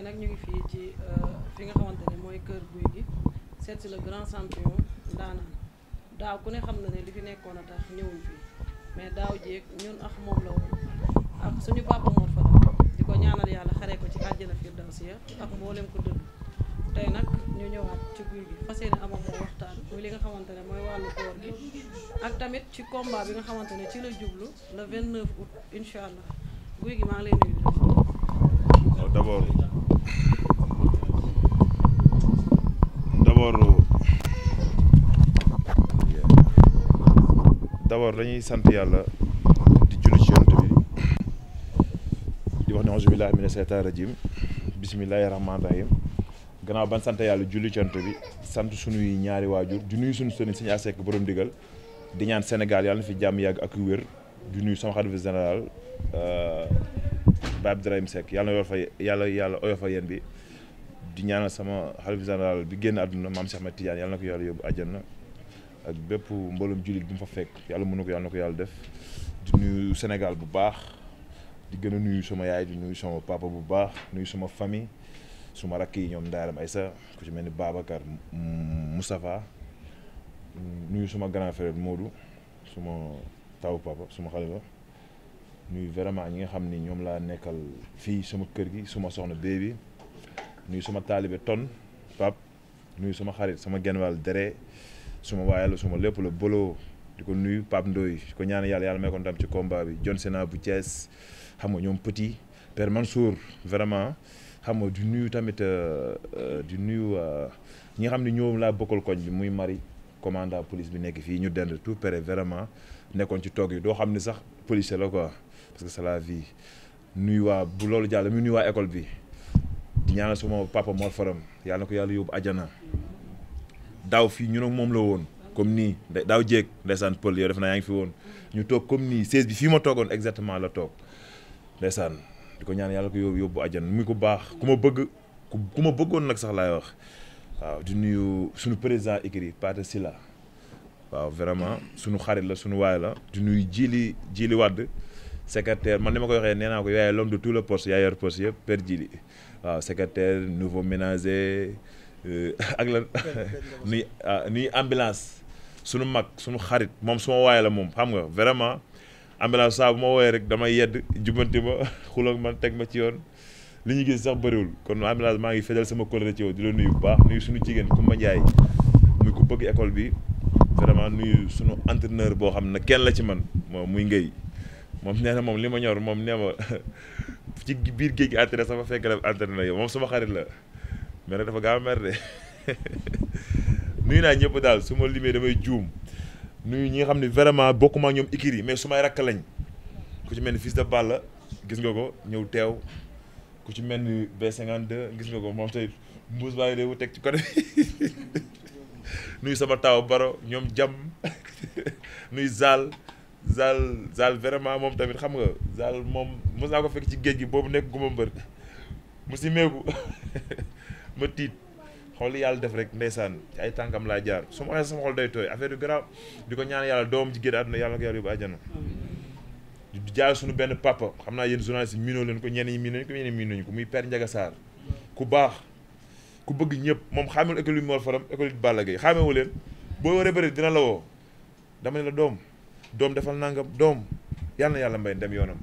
tey nag ñu ngi fii ci euh, fi nga xamante ne mooy kër guy gi seet si le grand champion ndaanaan daaw ku ne xam na ne li fi nekkoon a tax ñëwuñ fii mais daaw jéeg ñun ak moom la woon ak suñu papa Mor Fadam di ko ñaanal yàlla xaree ko ci àjjana firdawsi ya ak mboolem ko dëdd tey nag ñu ñëwaat ci guy gi fas yéene amoon moo waxtaan muy li nga xamante ne mooy wàllu koor gi ak tamit ci combat bi nga xamante ne ci la jublu le 29 août incha allah guy gi maa ngi lay d'abord d'abord dañuy sant yàlla di julli ci yonent bi di wax ne auzu billaahi mina seytaani rajiim bismillaahi rahmaani rahiim gannaaw ban sant yàlla julli ci yonent bi sant suñuy ñaari waajur di nuyu suñu sëriñ Sëriñ Asek borom ndigal di ñaan Sénégal yàlla na fi jàmm yàgg ak wér di nuyu sama xarit général Baye euh, Abdourahim Seck yàlla yàlla yàlla oyo fa yéen bi di ñaanal sama xalifa général bi génn àdduna maam Cheikh Ahmed Tidiane yàlla na ko yàlla yóbbu àjjana ak bépp mbooloom jullit bu mu fa fekk yàlla mun na ko yàlla na yàlla def di nuyu Sénégal bu baax di gën a nuyu sama yaay di nuyu sama papa bu baax nuyu sama famille suma rakk yi ñoom Ndaaram Aysa ku ci mel ni Babacar Moustapha nuyu suma grand frère Modou suma taw papa suma xalifa nuyu vraiment ñi nga xam ni ñoom laa nekkal fii suma kër gi suma soxna bee bi nuyu suma taalibe ton pap nuyu suma xarit sama genwàll dere suma waayal suma lépp la bolo di ko nuyu Pape Ndoye ko ñaan yàlla yàlla may ko ndam ci combat bi John Sena bu Thiès xam nga ñoom petit Père Mansour vraiment xam nga di nuyu tamit euh, euh, di nuyu euh, ñi nga xam ne ñoom laa bokkal koñ bi muy mari commandant police bi nekk fii ñu dend tout près vraiment nekkoon ci toog yi doo xam ne sax policier la quoi parce que c'est la vie nuyu waa bu loolu jàll mu nuy waa école bi di suma papa Mor Faram yàlla na ko yàlla yóbbu àjjana daaw fii ñu ak moom la woon comme nii daaw jéeg ndeysaan pël yow def naa yaa ngi fi woon ñu toog comme nii seize bi fii ma toogoon exactement la toog ndeysaan di ko ñaan yàlla ko yóbbu yóbbu àjjana mu ko baax ku ma bëgg ku ma bëggoon nag sax laay wax waaw du nuyu suñu président écrit Pate Silla waaw vraiment suñu xarit la sunu waay la di nuyu Jili Jili Wade secrétaire man ni ma ko yaay l'homme de le poste yaa yor poste waaw euh, secrétaire nouveau ménager euh, ak lan nuy ah, nuy ambulance sunu mag sunu xarit moom suma waaye la moom xam nga vraiment ambulance saa bu ma wooyee rek damay yedd jubanti ma xuloo man teg ma ci yoon li ñu gis sax bëriwul kon ambulance maa ngi fedal sama kóllëre ci yow di la nuyu baax nuyu suñu jigéen Kumba Njaay muy ku bëgg école bi vraiment nuyu suñu entraîneur boo xam ne kenn la ci man moom muy ngay moom nee na moom li ma ñor moom nee ma ci biir géej gi entraîné sama fekk la entraîné na yow moom sama xarit la mais nag dafa gaaw a mer de nuyu naa ñëpp daal suma ma limee damay juum nuyu ñi nga xam ne vraiment bokkuma ñoom ikir yi mais sumay may rakk lañ ku ci mel ni fils de Balla gis nga ko ñëw teew ku ci mel ni B52 gis nga ko moom tey mbuus baa ngi teg ci côté nuyu sama taaw baro ñoom jam nuyu Zal. Zal Zal vraiment moom tamit xam nga Zal moom mos ko fekk ci géej gi boobu nekk guma mbër mu si meeku ma tiit xool yàlla def rek ndeysaan ca ay tànkam laa jaar su ma sama xol day tooy affaire yu garaaw di ko ñaan yàlla doom ci génn àdduna yàlla na ko yàlla yóbbu àjjana di jaar suñu benn papa xam naa yéen journaliste yi miinoo leen ko ñenn ñi miin nañu ko ñenn ñi ko muy Père Ndiaga Sarr ku baax ku bëgg ñëpp moom xaamewul école yu Mor Faram école yu Balla leen boo waree bëri dina la woo dama ne la doom doom defal nangam doom yàlla na yàlla mbay dem yoonam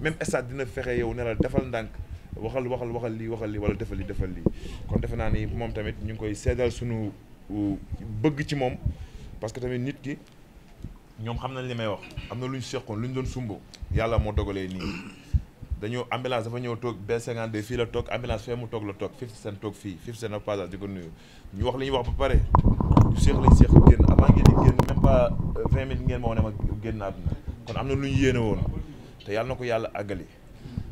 même stade dina fexe yow ne defal ndànk waxal waxal waxal lii waxal lii wala defal lii defal lii kon defe naa ni moom tamit ñu ngi koy seddal sunu bëgg ci moom parce que tamit nit ki ñoom xam nañ li may wax am na lu ñu seqoon lu ñu doon sumbo yàlla moo dogalee nii dañoo ambulance dafa ñëw toog B52 fii la toog ambulance fee mu toog la toog Fifty Cent toog fii Fifty Cent a passage di ko nuyu ñu wax li ñuy wax ba pare ñu seeq lañ seeq génn avant ngeen di génn même vingt minutes ngeen moo ne ma génn àdduna kon am na lu ñu yéene woon te yàlla na ko yàlla àggali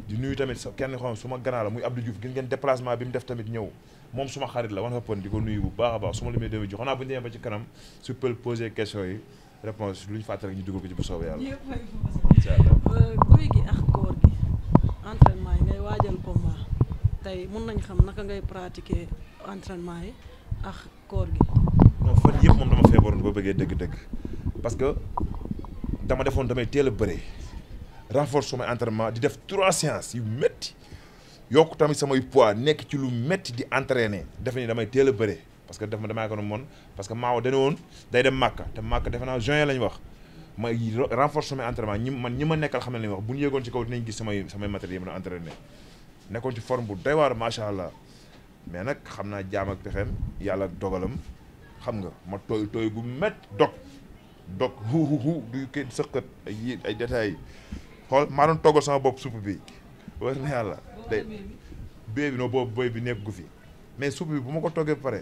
di nuyu tamit sa kenn xam suma grand la muy Abdou Diouf gis ngeen déplacement bi mu def tamit ñëw moom suma xarit la wan fa pon di ko nuyu bu baax a baax su ma limee demee jox naa bu ñu demee ba su pël poser question yi réponse lu ñu fàttali rek ñu dugg ko ci bu soobee yàlla incha allah guy gi ak koor gi entraînement yi ngay waajal combat tey mun nañ xam naka ngay pratiquer entraînement yi ak koor gi non fan yëpp moom dama feebaroon boo bëggee dëgg-dëgg parce que dama defoon damay teel a bëre renforcer sama entraînement di def trois séances yu métti yokk tamit samay poids nekk ci lu métti di entraîner defe ni damay teel a bëre parce que def ma damaa ko moon parce que maaw dañu woon day dem Màkka te Màkka defe naa juin lañ wax may renforcer samay entraînement ñi man ñi ma nekkal xam ne lañ wax bu ñu yéegoon ci kaw dinañ gis samay samay matériel yi mën a nekkoon ci form bu doy waar macha allah mais nag xam naa jaam ak pexeem yàlla dogalam xam nga ma tooy tooy gu donc huhuhu du kenn sëqat ay ay détails xool maa doon toggal sama bopp supp bi war na yàlla de bee bi noo boobu boy bi nekk gu fi mais supp bi bu ma ko toggee bu pare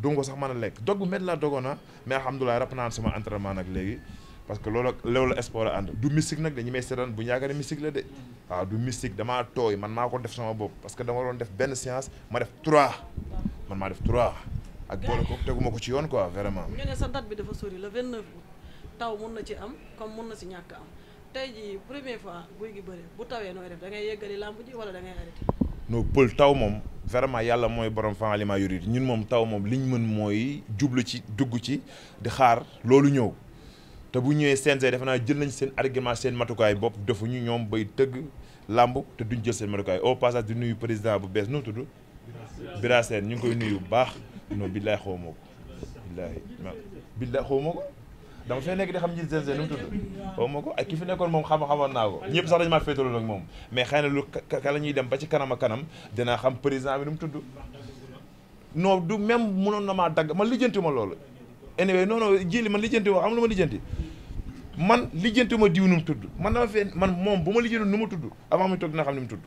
duma ko sax a lekk dog bu métti laa dogoona ah, mais alhamdulilah rap naa sama entraînement nag léegi parce que loolu loolu la sport la ànd du mystique nag dañu may seetaan bu ñu yaakaar mystique la de waaw du mystique damaa tooy man maa ko def sama bopp parce que dama doon def benn séance ma def trois man maa def trois ak boole ko teguma ko ci yoon ko vraiment. ñu ne le 29 août ci am comme si ñàkk am bu tawee nooy def da ngay làmb ji wala da ngay arrêté. pël taw moom vraiment yàlla mooy borom fan aliment yurid ñun moom taw moom liñ mën mooy jublu ci dugg ci di xaar loolu ñëw. te bu ñëwee CNG defe naa jël nañ seen argument seen matukaay bopp defuñu ñoom bay tëgg làmb te duñ jël seen matukaay au passage di nuyu président bu bees nu tudd Bira ñu koy nuyu baax non billaay xaw ma ko billaay xaw ma ko dama fee nekk di xam njiit GNG nu mu tudd xaw ma ko ak ki fi nekkoon moom xam xamoon naa ko ñëpp sax dañu maa féetaloo moom mais xëy na lu ka ñuy dem ba ci kanam kanam dinaa xam président bi nu mu tudd non du même mënoon na maa dagg man lijjanti ma loolu anyway non non jili man lijjanti ma am lu ma man lijjanti ma diw nu mu tudd man dama fee man moom bu ma lijjanti nu mu tudd avant muy toog dina mu tudd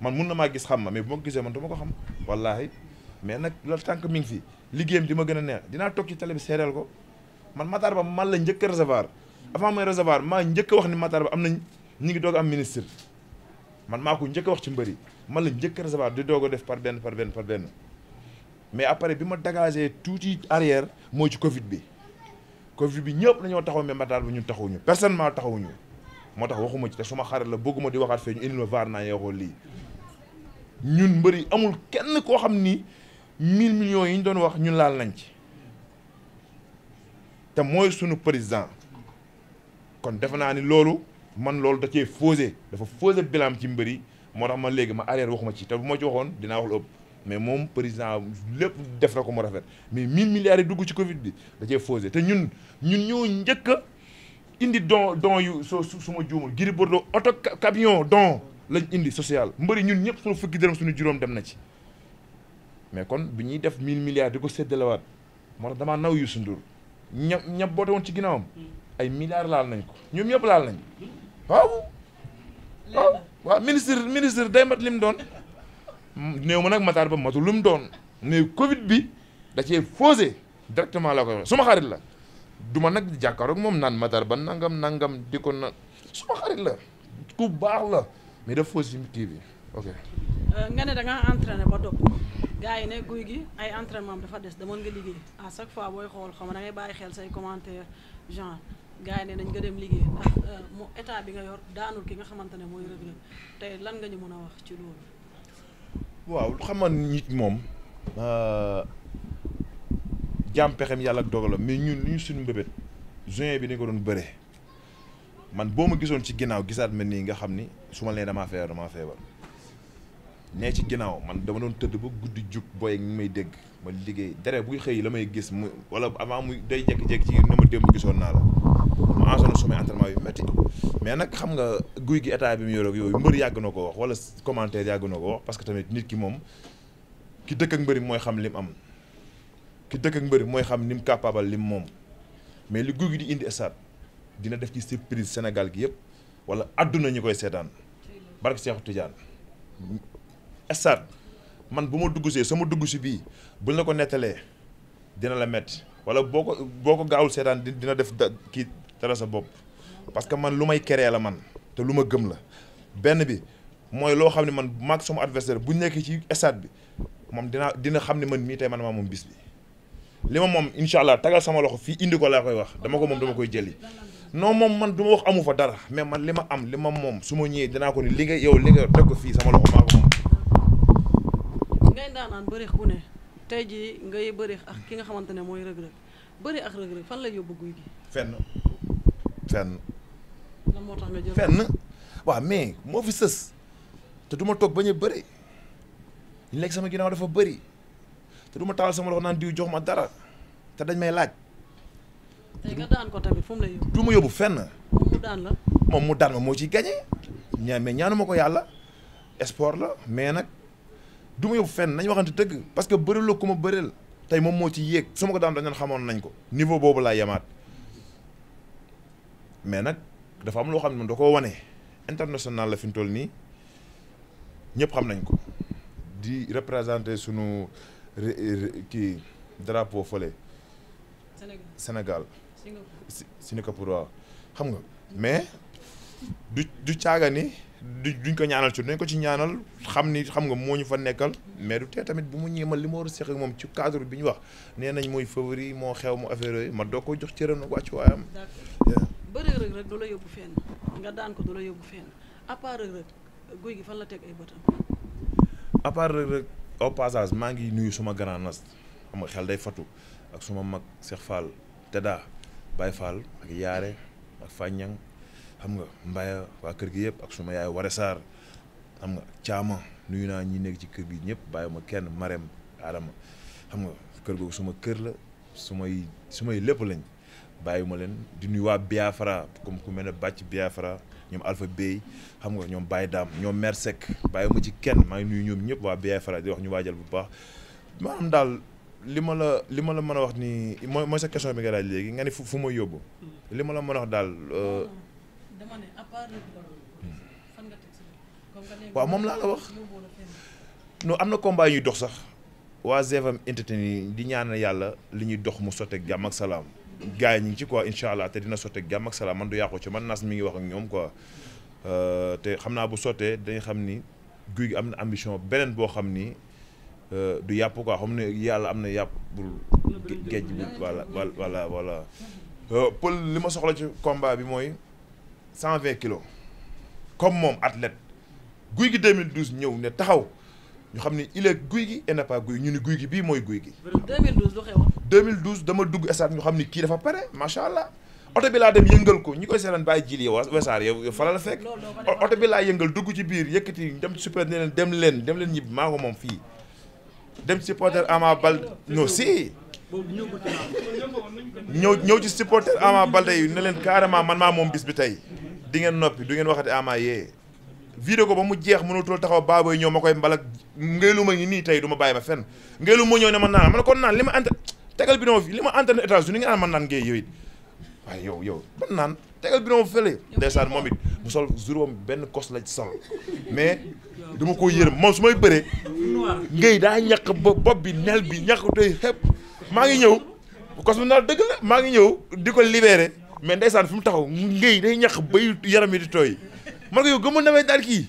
man na maa gis xam ma mais gisee man du ma ko xam wallaahi mais nag loolu tànk mi ngi fi liggéeyam di ma gën a neex dinaa toog ci télé bi seereel ko Matar Ba man la njëkk a avant may recevoir maa njëkk wax ni Matar am nañ ñi ngi doog am ministre man maa ko njëkk wax ci mbër yi man la njëkk a di doog a def par benn par benn par benn mais après bi ma dégagé tuuti arrière mooy ci Covid bi Covid bi ñëpp dañoo taxaw mais Matar Ba ñu taxawuñu personnellement taxawuñu moo tax waxuma ci te suma xaree la bëgguma di waxaat fee ñu indil ma vaar naa yeexoo lii ñun mbër yi amul kenn koo xam nii mille millions yi ñu doon wax ñun laal nañ ci te mooy sunu président kon defe naa ni loolu man loolu da cee fausé dafa fausé bilan ci mbër yi moo tax man léegi ma arrière waxuma ci te bu ma ci waxoon dinaa wax lu ëpp mais moom président lépp def na ko mu rafet mais mille milliards yi dugg ci Covid bi da cee fausé te ñun ñun ñoo njëkk indi don don yu soo su ma juumul Gris Bordeaux oto camion don lañ indi social mbëri ñun ñëpp sunu fukki dërëm suñu juróom dem na ci. mais kon bi ñuy def mille milliards di ko séddalewaat moo tax damaa naw Youssou Ndour ña ña boote woon ci ginnaawam. ay milliards laal nañ ko ñoom ñëpp laal nañ waaw. waaw waaw ministre ministre day mat li doon néew ma nag Matar ba matu lu mu doon mais Covid bi da cee faussé directement la ko suma xarit la du ma nag jàkkaaroog moom naan Matar ba nangam nangam di ko na suma xarit la ku baax la mais daf faussé kii bi ok. Euh, nga ne da nga entraîné ba dog gaa yi ne guy gi ay entraînement dafa des demoon nga liggéey à chaque fois booy xool xam da ngay bàyyi xel say commentaire genre gars yi ne nañ nga dem liggéey ndax euh, bi nga yor daanul ki nga xamante ne mooy Reug Reug tey lan nga ñu mën a wax ci loolu. waaw xaman nit moom euh, jàmm pexem yàlla ak dogalam mais ñun lu ñu suñu mbébét juin bi ni ko doon bëree man boo ma gisoon ci ginnaaw gisaat mel nii nga xam ni su ma leen damaa feebar damaa feebar. nee ci ginnaaw man dama doon tëdd ba guddi jug booy ak may dégg ma liggéey dere buy xëy la may gis mu wala avant muy day jékki-jékki ci na ma démb gisoon naa la mu enchaîné sumay entraînement yu métti mais nag xam nga guy gi état bi mu yoroog yooyu mbër yàgg na ko wax wala commentaire yàgg na ko wax parce que tamit nit ki moom ki dëkk ak mbëri mooy xam li mu am ki dëkk ak mbëri mooy xam ni mu capable lim moom mais li guy gi di indi état dina def ci surprise Sénégal gi yëpp wala adduna ñu koy seetaan barke Seexu stade man bu ma dugg see sama dugg si bii buñ la ko nettalee dina la metti wala boo ko boo ko gaawul seetaan dina def da kii dara sa bopp parce que man lu may créer la man te lu ma gëm la benn bi mooy loo xam ne man maag sama adversaire bu nekk ci stade bi moom dinaa dina xam ne man mii tey man maa moom bis bi li ma moom incha allah tagal sama loxo fii indi ko laa koy wax dama ko moom dama koy jëli non moom man duma wax amu fa dara mais man li ma am li ma moom su ma ñëwee dinaa ko li nga yow li nga teg ko fii sama loxo ay ndaanaan bërix tey jii ngay bërix ak ki nga xamante ne mooy rëg-rëg bëri ak rëg-rëg fan lay yóbbu guy gi. fenn fenn. lan moo tax nga jël fenn waaw mais moo fi sës te duma ma toog bañ a bëri ñu nekk sama ginnaaw dafa bëri te du ma taal sama loxo naan diw jox ma dara te dañ may laaj. tey nga daan ko tamit fu mu lay yóbbu. du fenn. moom mu daan la. moom mu daan ma moo ci gagné. ñaa mais ñaanu ma ko yàlla sport la mais nag. du ma yóbbu fenn nañ waxante dëgg parce que bëri la ku ma bëreel tey moom moo ci yéeg su ma ko daan dañoon xamoon nañ ko niveau boobu laa yemaat mais nag dafa am loo xam ne moom da koo wane international la fi toll nii ñëpp xam nañ ko di représenter sunu kii drapo fële. Sénégal Sénégal. Singapour waaw xam nga mais du du caaga ni. duñ ko ñaanal ci nañ ko ci ñaanal xam ni xam nga moo ñu fa nekkal mais du tee tamit bu mu ñeemal li ma war a seq moom ci cadre bi ñu wax nee nañ mooy favori moo xew mu affaire yooyu doo ko jox cëram nga daan ko du la yóbbu fenn à part rëg rëg guy maa ngi nuyu suma grand nas xam nga xel day fatu ak suma mag Cheikh Fall Teda Baye Fall ak Yaare ak Fagnang. xam nga Mbaya waa kër gi yëpp ak suma yaay Waré saar xam nga caama nuyu naa ñi nekk ci kër gi ñëpp bàyyi ma kenn Marème Adama xam nga kër googu suma kër la sumay sumay lépp lañ bàyyi ma leen di nuyu waa Biafra comme ku mel ne bàcc Biafra ñoom Alpha Bey xam nga ñoom Baye Dame ñoom Mère Seck bàyyi ma ci kenn maa ngi nuyu ñoom ñëpp waa Biafra di wax ñu waajal bu baax am daal li ma la li ma la mën a wax ni mooy mooy sa question bi nga laaj léegi nga ni fu fu hmm. ma yóbbu. waaw moom laa la wax non am na combat yu ñuy dox sax waa ZFM entretien di ñaanal yàlla li ñuy dox mu sotteeg jàmm ak salaam. gars yi ñu ngi ci quoi incha allah te dina sotteeg jàmm ak salaam man du yàqu ci man naas mi ngi wax ak ñoom quoi euh, te xam naa bu sottee dañu xam ni guy gi am na ambition beneen boo xam ni. Euh, du yàpp quoi xam ne yàlla am na yàpp pour géej bu wala wala wala pël li ma soxla ci combat bi mooy cent vingt kilos comme moom athlète guy gi 2012 ñëw ne taxaw xam ni il est guy gi et guy ñu ni guy gi bii mooy guy gi. 2012 lu xewoon. 2012 dama dugg stade ñu xam ni kii dafa pare macha allah oto bi laa dem yëngal ko ñi koy seetaan bàyyi jiil yow wesaar yow fa la fekk. oto bi laa yëngal dugg ci biir yëkkati dem super ne leen dem leen dem leen ñibbi maa ko moom fii. dem supporter Ama Baldé non si. ñëw ñëw ci supporter Ama Baldé yi ne leen carrément man maa moom bis bi tey di ngeen noppi du ngeen waxati Ama yee vidéo ko ba mu jeex mënatul taxaw baabooy ñëw ma koy mbalak ngéelu ma ngi nii tey du ma bàyyi ma fenn ngéelu ma ñëw ne ma naan ma ne li ma ant tegal bi noonu fi li ma antenne États-Unis a naan man naan ngay yow waaye yow yow man naan tegal bi noonu fële ndeysaan moom it mu sol juróom benn kos la sol mais dama ko yërëm moom su may bëree ngéy daa ñàkk ba bopp bi nel bi ñàkk doy xëpp maa ngi ñëw cosmonaute dëgg maa ngi ñëw di ko libéré mais ndeysaan fi mu taxaw ngay day ñax bay yaram yi di tooy man ko yow gëmul nawet daal kii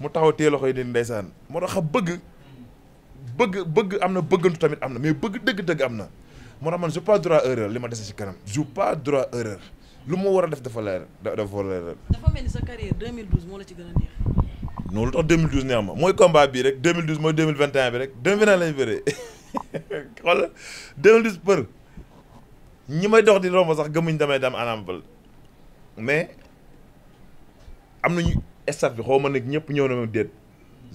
mu taxaw tee loxo yi di ndeysaan moo tax bëgg bëgg bëgg am na bëggantu tamit am na mais bëgg dëgg-dëgg am na moo tax man j'ai pas droit erreur li ma dese ci kanam j'ai pas droit erreur lu mu war a def dafa leer dafa leer. dafa mel ni sa carrière 2012 moo la ci gën a neex. noonu lu tax 2012 neex ma mooy combat bii rek 2012 mooy 2021 bi rek demi final lañu bëree xoolal 2012 për ñi may dox di romb sax gëmuñ damay dem anam mais am nañu staff bi xaw ma nag ñëpp ñëw na ma déet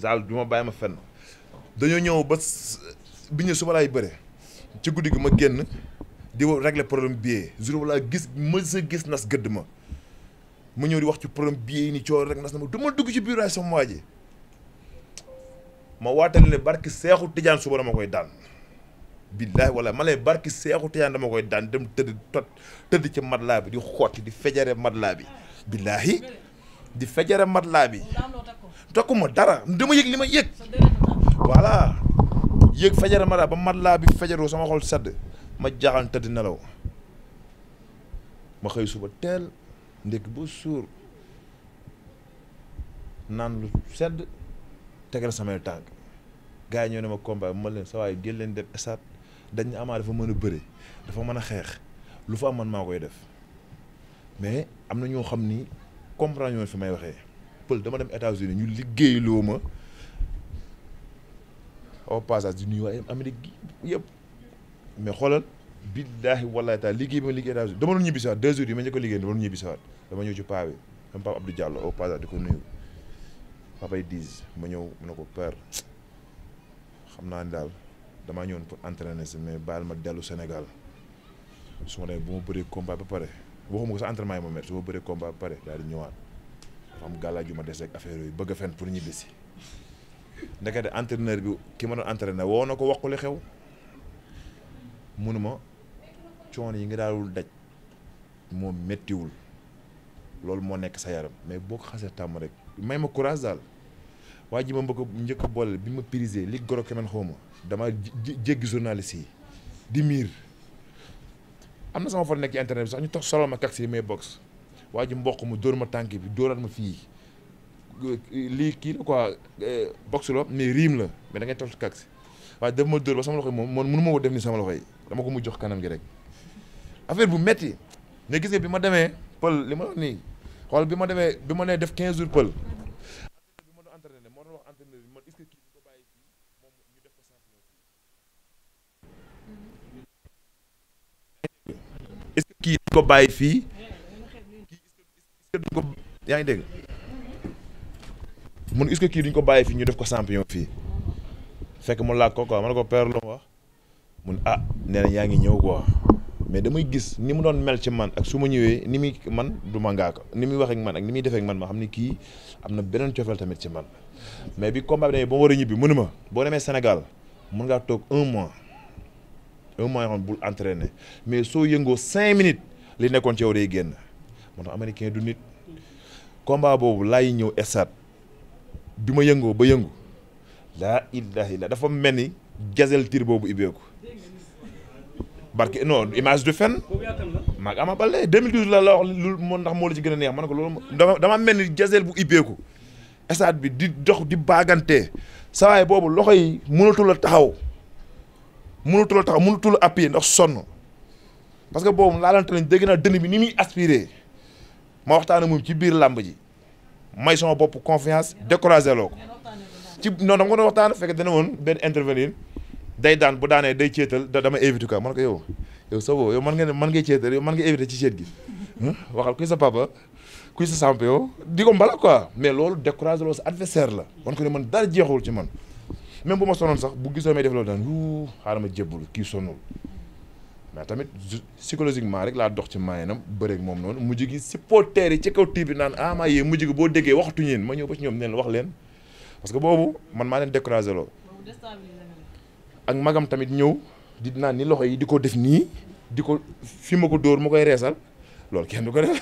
zal du ma bàyyi ma fenn dañoo ñëw ba bi ñu suba laay bëre ci guddi gi ma génn di régler problème bi jour wala gis ma sa gis nas gëdd ma. mu ñëw di wax ci problème billet yi ni coow rek nas na ma du dugg ci biir ay sama waa ji ma waatal ne barki seexu tijaan suba dama koy daan billaahi wala ma lay barki seexu tijaan dama koy daan dem tëdd tot tëdd ci mat laa bi di xotti di fejare matelas bi billaahi di fejare matelas bi takkuma dara dama yëg li ma yëg voilà yëg fejare matelas ba matelas bi fejaroo sama xol sedd ma jaaxaan tëdd nelaw ma xëy suba teel ndékki ba suur naan lu sedd tegal samay tànk gaa yi ñoo ne ma combat ma leen sa waay jël leen def esaat dañ amaa dafa mën a bëre dafa mën a xeex lu fa am man maa koy def mais am na ñoo xam ni comprendre ñoon fi may waxee pël dama dem États-Unis ñu liggéeyloo ma au passage di nuyu waa Amérique yëpp mais xoolal billaahi wallaahi taala liggéey bi ma liggéey États-Unis dama doon ñibbi si yi ma njëkk a liggéey dama doon ñibbi si dama ñëw ci paa bi même paa Abdou Diallo au passage di ko nuyu papa diis ma ñëw mu ne ko père xam naa ni daal damaa ñëwoon pour entraîner si mais baal ma dellu Sénégal su ma demee bu ma bëree combat ba pare waxuma ko sa entraînement yi ma ba pare daal di ñëwaat am gàllaaj yu ma des affaire yooyu bëgg a pour ñibbi si ndekete entraîneur bi ki ma doon entraîner woo na ko wax ko li xew munuma coono yi nga daawul daj moom méttiwul loolu moo nekk sa yaram mais boo ko xasee tàmm rek may ma courage daal waa ji ma mbëkk njëkk boole bi ma prisé li goro kemen xaw ma dama jéggi journaliste yi di miir am na sama fa nekk ci internet bi sax ñu tax solal ma kaksi yi may box waa ji mboq mu dóor ma tànk bi dóoraat ma fii lii kii la quoi eh, box mais riim la mais da ngay toog si kaksi waaye daf ma dóor ba sama loxo yi moom man mënu ma ko def ni sama loxo yi dama ko mu jox kanam gi rek affaire bu metti nga pël li ma wax nii xool bi ma demee bi ma nee def 15 jours pël. bi ma doon entraîné moo doon wax entraîneur bi man est que kii bi ko bàyyi fii moom ñu yaa ngi dégg mun est que kii duñ ko bàyyi fii ñu def ko champion fii fekk mu laaj ko quoi ma ne ko père lu mu wax mun ah nee yaa ngi ñëw quoi. mais damay gis ni mu doon mel ci man ak su ma ñëwee ni muy man du ma ngaa ko ni muy wax ak man ak ni muy defee man ma xam ne kii am na beneen cofeel tamit ci man mais bi combat bi demee ba war a ñibbi mënu ma boo demee Sénégal mun ngaa toog un mois un mois yoo xam bul entraîné mais soo yëngoo cinq minutes li nekkoon ci war day génn moo tax américain du nit combat boobu laay ñëw esat bi ma yëngoo ba yëngu laa ilaaha illa dafa mel ni gazel tir boobu ibbeeku parce que non image de fen maag Ama Baldé 2012 la wax lu moo ndax moo la ci gën a neex ma ne ko loolu dama dama mel ni jaseel bu ibbeeku stade bi di dox di baagante sawaay boobu loxo yi mënatul a taxaw mënatul a taxaw mënatul a appuyer ndax sonn parce que boobu laalante lañ dégg naa dënn bi ni muy aspiré ma waxtaan ak ci biir làmb ji may sama bopp confiance découragé loo ko ci non dama ko doon waxtaan fekk dana woon benn intervenir day daan bu daanee day ceetal da dama éviter quoi man ko yow yow sa yow man nga ne man ngay ceetal yow man nga éviter ci ceet gi waxal kuy sa papa kuy sa samp yow di ko mbala quoi mais loolu décourage loolu sa adversaire la man ko ne man dara jeexul ci man même bu ma sonoon sax bu gisoo may def loolu daan wuu xaaral ma jébbal kii sonul ma tamit psychologiquement rek laa dox ci maayinam bëreeg moom noonu mujj gi supporters yi ci kaw tiib bi naan ah yee mujj gi boo déggee waxatuñu yéen ma ñëw ñoom neen wax leen parce que boobu man maa leen découragé loolu ak magam tamit ñëw di naan ni loxo yi di ko def nii di ko fi ma ko dóor mu koy reesal loolu kenn du ko def.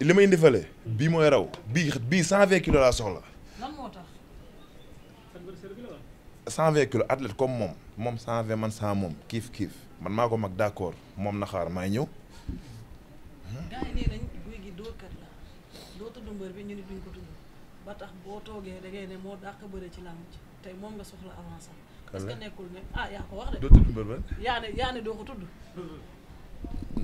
li may indi fële bii mooy raw bii bii cent vingt kilos laa soxla. lan moo cent vingt kilos athlète comme moom moom cent vingt man cent moom kiif kiif man maa ko mag d'accord moom na xaar may ñëw. ba tax boo toogee da ngay ne moo dàq bëre ci làmb ci tey moom nga soxla avancé est-ce que nekkul ne ah yaa ko wax de. doo tudd mbër ba. yaa ne yaa ne doo ko tudd.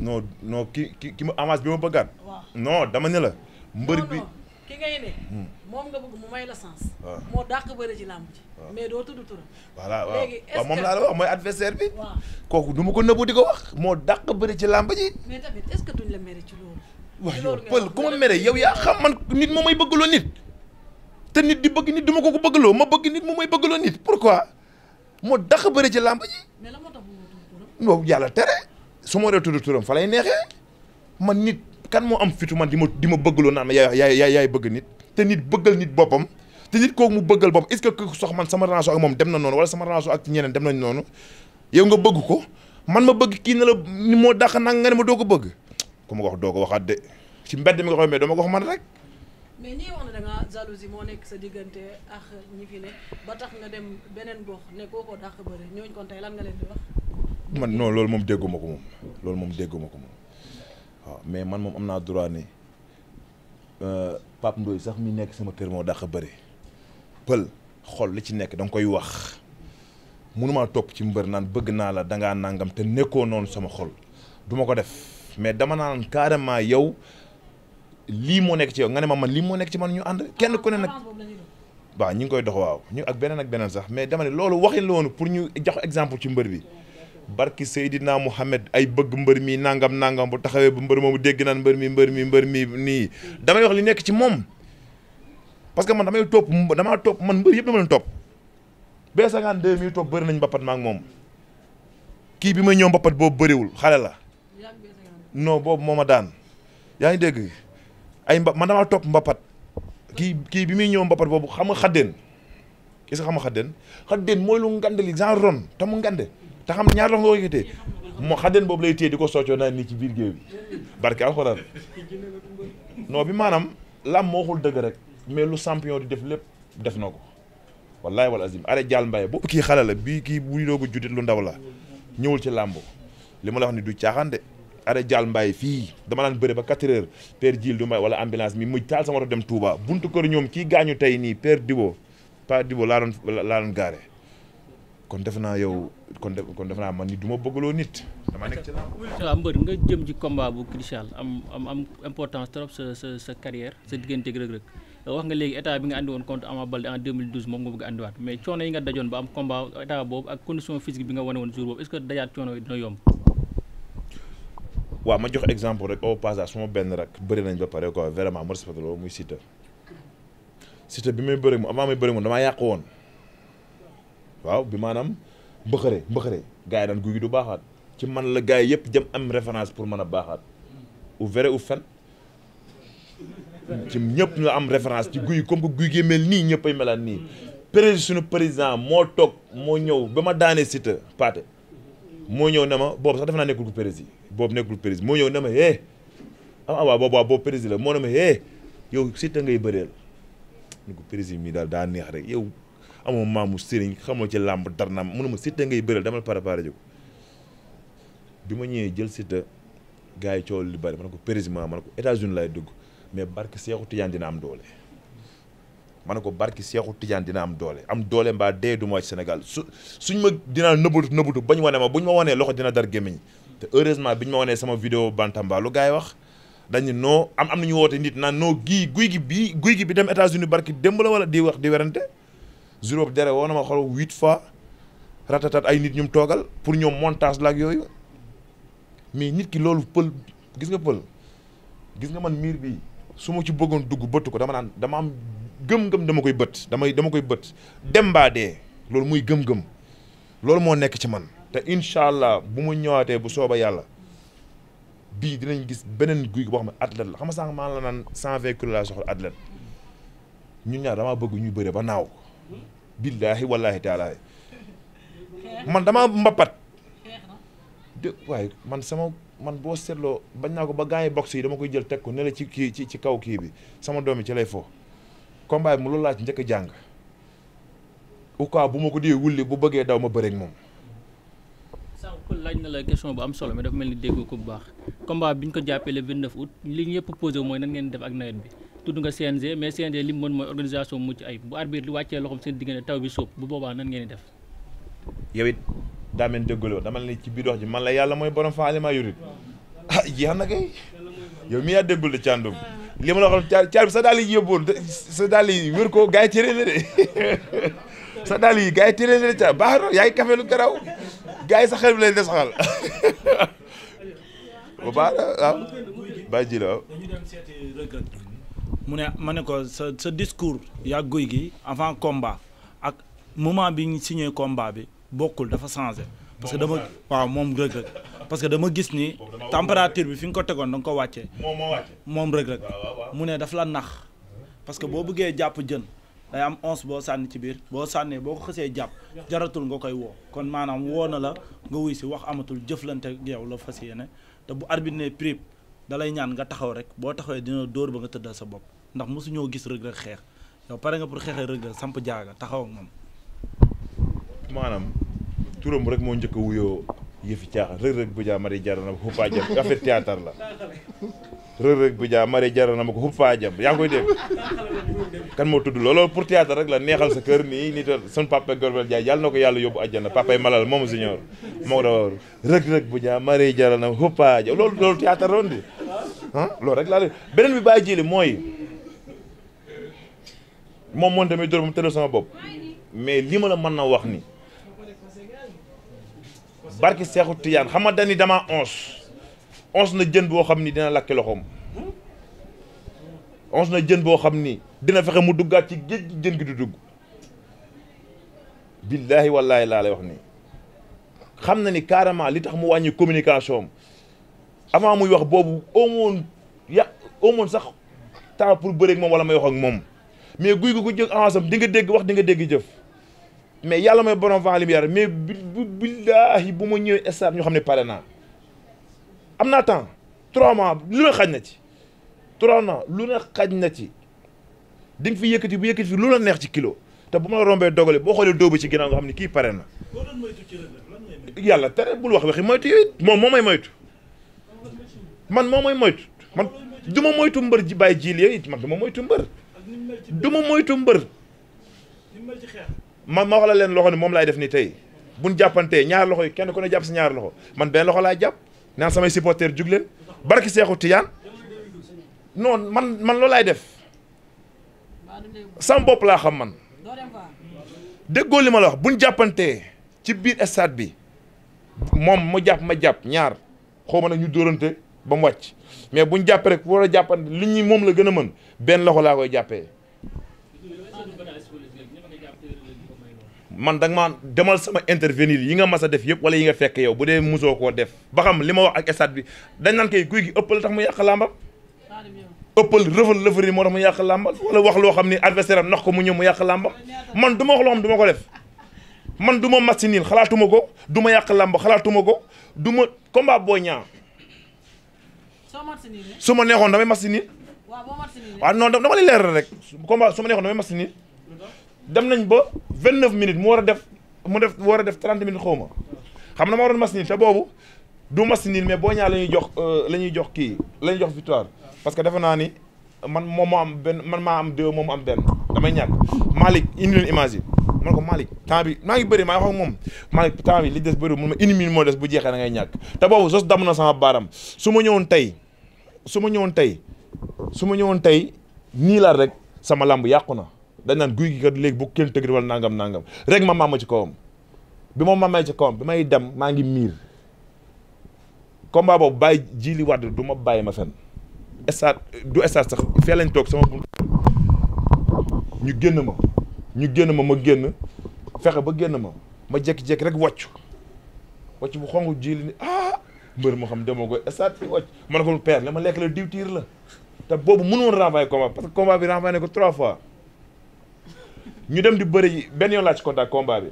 non non ki ki ki ma avance bi ma bëggaat. ne la. mbër bi ki ngay ne. Hmm. moom bëgg mu may la sens. waaw moo dàq bëre ci làmb mais doo tudd turam. moom laa la wax bi. kooku du ma ko nëbbu di ko moo dàq bëre ci làmb ji. mais tamit est-ce que duñ la mere ci loolu. ci yow pël ku ma mere yow yaa xam man nit moo may bëgg loo nit. te nit di bëgg nit duma ko ko bëggloo ma bëgg nit mu may bëggloo nit pourquoi moo dax bëri ci làmb ji. mais yàlla tere su ma waree tudd fa lay neexee man nit kan moo am fitu man di ma di ma bëggloo naan ma yaay yaay yaay bëgg nit te nit bëggal nit boppam. te nit kooku mu bëggal bopp est-ce que sox man sama relation ak moom dem na noonu wala sama relation ak ñeneen dem nañ noonu yow nga bëgg ko man ma bëgg kii na la ni moo dax nag nga ne ma doo ko bëgg ku ma ko wax doo ko waxaat de ci mbedd mi nga xam ne dama wax man rek. mais ñii wax na da jalousie moo nekk sa diggante ak ñi ba tax nga dem beneen gox ne ko dàq bëre ñooñu kon tey lan nga leen di wax. man non loolu moom dégguma ko moom loolu moom dégguma ko moom waaw mais man moom am naa droit ne euh, Pape Ndoye sax mu nekk sama kër moo dàq bëre pël xol li ci nekk danga koy wax mënumaa topp ci mbër naan bëgg naa la dangaa nangam te nekkoo noonu sama xol duma ko def mais dama naan carrément yow. lii moo nekk ci nga ne ma man lii moo nekk ci man ñu ànd kenn ku ne nag waaw ñu ngi koy dox waaw ñu ak beneen ak beneen sax mais dama loolu waxin la woon pour ñu jox exemple ci mbër bi barki Seydina Mouhamed ay bëgg mbër mii nangam nangam bu taxawee bu mbër moomu dégg naan mbër mi mbër mi mbër mi nii damay wax li nekk ci moom parce que man damay topp damaa topp man mbër yëpp dama leen topp B52 mi topp nañ mbappat ma moom kii bi may ñëw mbappat boobu bëriwul xale la non boobu moo ma daan yaa ngi dégg ay mba man damaa topp mbapat kii kii bi muy ñëw mbapat boobu xam nga xaddeen gis nga xam nga xaddeen xaddeen mooy lu ngandali genre ron te mu ngande te xam ñaar la nga yëkkatee moo xaddeen boobu lay téye di ko soccoo naa nii ci biir géew bi barke alxuraan non bi maanaam lam moo xul dëgg rek mais lu champion di def lépp def na ko wallahi wal azim are jaal mbaye boobu kii xale la bii kii buy doogu juddit lu ndaw la ñëwul ci làmb li ma la wax arrêt Dial mbaay fii dama naan bëre ba 4 heures père Djil du may wala ambulance mi mujj taal sama a dem Touba buntu kër ñoom kii gaañu tey nii père Dibo pa Dibo laa doon laa doon gaare kon def naa yow kon def kon def naa man ni du ma bëggloo nit. mbër nga jëm ci combat bu crucial am am am trop sa sa sa sa digganteeg Reug Reug wax nga léegi état bi nga andi woon contre Ama Baldé en 2012 moom nga bëgg andiwaat mais coono yi nga dajoon ba am combat état boobu ak condition physique bi nga wane woon waaw ma jox exemple rek au passage suma benn rek bëri nañ ba pare quoi vraiment ma respecté loolu muy Siteu Siteu bi may bëri mu avant may bëri mu damaa yàq woon waaw bi maanaam mbëxëre mbëxëre gars yi daan guy gi du baaxaat ci man la gars yi yëpp jëm am référence pour mën a baaxaat ou vrai ou fen ci ñëpp ñu am référence ci guy comme que guy gi mel nii ñëpp ay melaat nii président suñu président moo toog moo ñëw ba ma daanee Siteu paate moo ñëw ne ma boobu sax defe naa nekkul ko président boobu nekkul prise moo ñëw ne ma eh am ah, am ah, waaw boobu waaw boobu prise la moo ne ma eh yow Siteu ngay bëreel ni ko prise mi daal daa neex rek yow amoo maamu sëriñ xamoo ci làmb dara naam mu ne ma Siteu ngay bëreel dama la préparé ma ñëwee jël Siteu gars yi coow li bari ma ne ko prise ma ne ko États-Unis lay dugg mais barke Seexu Tijaan dina am doole. ma ne ko barki Seexu Tijaan dina am doole am doole mbaa dee du ma Sénégal su suñ ma dinaa nëbbatu nëbbatu bañ wane ma bu buñ ma wanee loxo dina dar gémmiñ te heureusement bi ñu ma wanee sama vidéo Bantamba lu yi wax dañ noo am am nañu woote nit naan noo gii guy gi bii guy gi bi dem États-Unis barki démb wala di wax di werante jour boobu jare woo na ma xool fois ratatat ay nit ñum toogal pour ñoom montage la yooyu mais nit ki loolu gis nga pël gis nga man miir bi su ma ci bëggoon dugg bëtt ko dama naan dama am gëm-gëm dama koy bët damay dama koy bët dem baa dee loolu muy gëm-gëm loolu moo nekk ci man te incha allah bu mu ñëwaatee bu sooba yàlla bii dinañ gis beneen guy boo xam ne athlète la xam nga sànq maa la naan cent vingt kilos laa soxla athlète ñun ñaar damaa bëgg ñu bëre ba naaw billaahi wallaahi taalaahi man damaa mbappat de waaye man sama man boo seetloo bañ naa ko ba gars yi boxe yi dama koy jël teg ko ne ci kii ci ci kaw kii bi sama doom yi ci lay fo combat bi mu loolu laa ci njëkk a jàng au bu ma ko dee wulli bu bëggee daw ma bëreek moom laaj na la question bu am solo mais dafa mel ni déggu ko bu baax combat bi ñu ko jàppee le 29 août li ñu yëpp posé mooy nan ngeen def ak nawet bi tudd nga CNG mais CNG li mu mooy organisation mucc ayib bu arbitre li wàccee loxoom seen diggante taw bi sóob bu boobaa nan ngeen di def. yow it daa mel déggaloo dama ne ci biir wax ji man la yàlla mooy borom faale maa yurit ah jeex na kay yow mi yaa déggul càndum li ma la wax caar caar bi sa daal yi yóbbuwoon sa daal yi wër ko gars yi gars yi sa xel bi lañ des xal bu baax mu ne ma ne ko sa sa discours yaa guy gi avant combat ak moment bi ñu signé combat bi bokkul dafa changé parce que dama waaw moom Reug Reug parce que dama gis ni température bi fi nga ko tegoon da nga ko wàccee moom Reug Reug mu ne daf la nax parce que boo buggee jàpp jën day am once boo sànni ci biir boo sànnee boo ko xësee jàpp jaratul nga koy woo kon maanaam woo na la nga wuy si wax amatul jëflante ak yow la fas yéene te bu arbitre ne prip da lay ñaan nga taxaw rek boo taxawee dina dóor ba nga tëddal sa bopp ndax mosuñoo gis Reug Reug xeex yow pare nga pour xeexee Reug Reug samp jaaga taxaw ak moom maanaam turam rek moo njëkk a wuyoo yëfi caaxaan Reug Reug bu jaa mari jaar na xuppaa jëf affaire théâtre la rëg-rëg bi jaa mari jara na ma ko xup faa jam yaa ngi koy dégg kan moo tudd loolu pour théâtre rek la neexal sa kër nii nii tal sun papa Gorbel Jaay yàlla na ko yàlla yóbbu àjjana papay malal moom junior moo ko rëg-rëg bu jaa mari jaral na ma xup faa loolu loolu théâtre roon loolu rek laa beneen bi bàyyi jili mooy moom moom tamit dóor mu tëral sama bopp mais li ma la mën na wax ni barki Seexu Tijaan xam nga dani dama once na jën boo xam ni dina lakki loxoom onze na jën boo xam ni dina fexe mu duggaat ci géej gi jën gi du dugg billaahi wallaahi laa lay wax ni xam na ni carrément li tax mu wàññi communication am avant muy wax boobu amoon ya amoon sax temps pour bëreeg moom wala may wax ak moom mais guy gu ko jël avance am di nga dégg wax di nga dégg jëf mais yàlla mooy borom vent lumière mais bi billaahi bu ma ñëwee stade ñu xam ne pare naa am naa temps trois mois lu ne xaj na ci trois mois lu ne xaj na ci di nga fi yëkkati bu yëkkati lu la neex ci kilo te bu ma la rombee dogale boo xoolee dóobu ci ginnaaw nga xam ne kii pare na. yàlla tere bul wax waxi moytu yooyu moom moo may moytu man moo may moytu man moytu mbër ji bàyyi jiil yooyu man du ma moytu mbër. du ma moytu mbër. man ma wax la leen loxo ni moom laay def ni tey buñ jàppantee ñaar loxo yi kenn ku ne jàpp si ñaar loxo man benn loxo laay jàpp. naan samay supporteurs jug leen barki Seexu Tijaan non man man loolu laay def sama bopp laa xam man déggoo li ma la wax buñ jàppantee ci biir stade bi moom mu jàpp ma jàpp ñaar xaw ma nag ñu dóorante ba mu wàcc mais bu buñ jàpp rek war a jàppante li ñuy moom la gën a mën benn loxo laa koy jàppee. man da nga maa demal sama intervenir yi nga mas a def yëpp wala yi nga fekk yow bu dee musoo koo def ba xam li ma wax ak stade bi dañ naan kay guy gi ëppal tax mu yàq làmbam ëppal rëfal lëfër yi moo tax mu yàq làmbam wala wax loo xam ni adversaire am nax ko mu ñëw mu yàq làmbam man du ma wax loo xam du ko def man du ma match nul xalaatuma ko du ma yàq làmb xalaatuma ko du ma combat Boy Niang su ma neexoon damay match nul waaw non dama lay leer rek combat su ma neexoon damay match dem nañ ba vingt neuf minutes mu war a def mu def mu war a def trente minutes xaw ma xam na ma waroon mas nii te boobu du mas nii mais boo ñaa la ñuy jox euh, la ñuy jox kii la ñuy jox victoire parce que defe naa ni man moom moo am benn man maa am deux moom mu am benn damay ñàkk Malick uni leen image yi man ko Malick temps bi maa ngi bëri maa ngi wax moom Malick temps bi li des bëri mun ma une minute moo des bu jeexee da ngay ñàkk te boobu sos damm na sama baaram su ma ñëwoon tey su ma ñëwoon tey su ma ñëwoon tey nii laa rek sama lamb yàqu na dañ naan guy gi kat léegi bu kenn tëgg wala nangam nangam rek ma maama ci kawam bi ma mamee ci kawam bi may dem maa ngi miir combat boobu bàyyi jiili wàdd du ma bàyyi ma fen stade du stade sax fee lañ toog sama bunt ñu génn ma ñu génn ma ma génn fexe ba génn ma ma jékki-jékki rek wàccu wàcc bu xongu jiili ni ah mbër moo xam demoo ko stade fi wàcc ma ne ko père la ma lekk la diwtiir la te boobu mënu woon renvoyer combat parce que combat bi renvoyer ne ko trois fois ñu dem di bëri yi benn yoon laa ci contact combat bi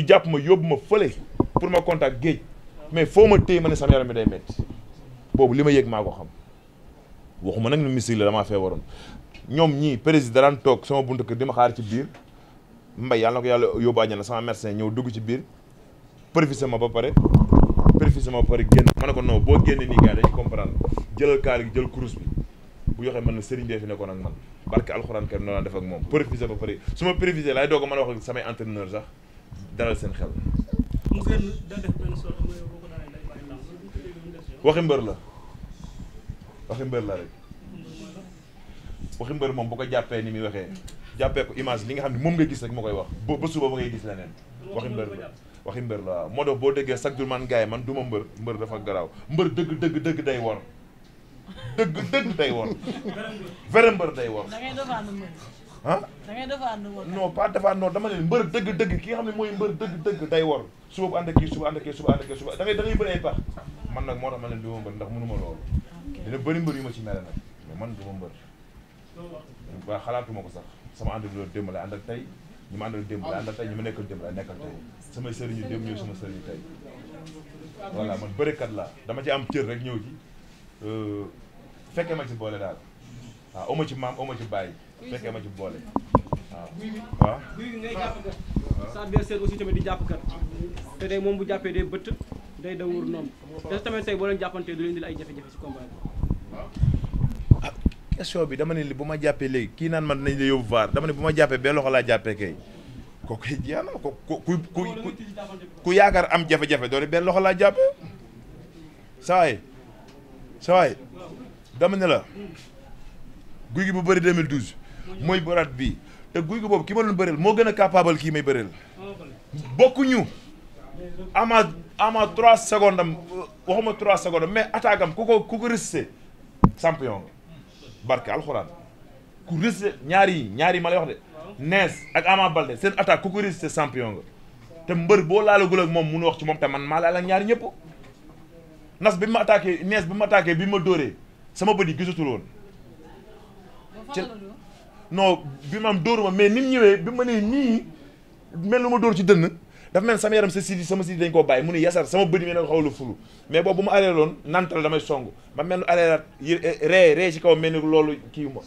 ñu jàpp ma yóbbu ma fële pour ma contact géej mais foo ma téye ma ne sama yaram bi day métti boobu li ma yëg maa ko xam waxuma nag ni mystique la damaa fee waroon ñoom ñii président daan toog sama buntu kër di ma xaar ci biir mbay yàlla na ko yàlla yóbbu àjjana sama médecin ñëw dugg ci biir perfusé ma ba pare perfusé ma ba pare génn ma ne ko non boo génnee nii gars dañu comprendre jëlal kaar jël kurus bi bu joxee man na sëriñ bee fi nekkoon ak man barke alxuraan karim noonu def ak moom préviser ba pare su ma préviser laay doog a mën a wax ak samay entraîneur sax dalal seen xel. waxi mbër la waxi mbër la rek waxi mbër bu ko jàppee ni muy waxee jàppee ko image li nga xam ne moom nga gis rek moo koy wax ba ba gis leneen waxi mbër la waxi mbër la waaw moo tax boo déggee chaque jour man gars yi man du ma mbër mbër dafa garaaw mbër dëgg dëgg dëgg day war dëgg dëgg day wor vrai mbër day wor da ngay defaanu mbër ah da ngay dama leen mbër dëgg dëgg ki nga xam ne mooy mbër dëgg dëgg day wor suba bu ànd ak kii suba ànd ak kii suba ànd ak kii suba da ngay da ngay bëri ay pax man nag moo tax ma leen du ma mbër ndax mënuma loolu dina bëri mbër yu ma ci mel nag mais man du ma mbër waa xalaatuma ko sax sama ànd loolu démb la ànd ak tey ñu ma àndal démb la àndal tey ñu ma nekkal démb la nekkal tey samay sëriñu démb ñëw sama sëriñu tey voilà man bërekat la dama ci am cër rek ñëw ci Euh, fekkee ma ci boole daal waaw oma ci maam oma ci bàyyi fekkee ma ci boole waaw waaw guy ngay jàppkat sa adversaire aussi tamit di jàppkat te day moom bu jàppee day bëtt day daw wër noonu te tamit tey boo leen jàppantee du leen di la ay jafe-jafe si combat ah, bi dama ne li bu ma jàppee léegi kii naan man nañ la yóbbu ne bu ma jàppee benn laa jàppee kay ko ku ku ku ku yaakaar am jafe-jafe doone benn loxo laa jàppee saa sa waay dama ne la guy gi bu bëri 2012 mooy boraat bii te guy gi boobu ki ma doon bëreel moo gën a capable kii may bëreel bokkuñu ama ama trois secondes am waxuma trois secondes am mais attaque am ku ko ku ko résisté champion barke alxuraan ku résisté ñaari ñaari yi ma lay wax de Nees ak Ama Balde seen attaque ku ko résisté champion nga te mbër boo laalagul ak moom mënu wax ci moom te man maa laal ak ñaari ñëpp nas bi ma attaqué nees bi ma attaqué bi ma dóoree sama bët yi gisatul woon ci non bi ma am dóoruma mais ni mu ñëwee bi ma nee nii mel lu ma dóor ci dënn dafa mel sama yaram sa sidi sama sidi dañ koo bàyyi mu ne yasar sama bët yi mel ne xaw la fulu mais boobu bu ma aree loon nantal damay song ma mel ni areeraat eh, eh, ree ree ci kaw mel ni loolu kii ma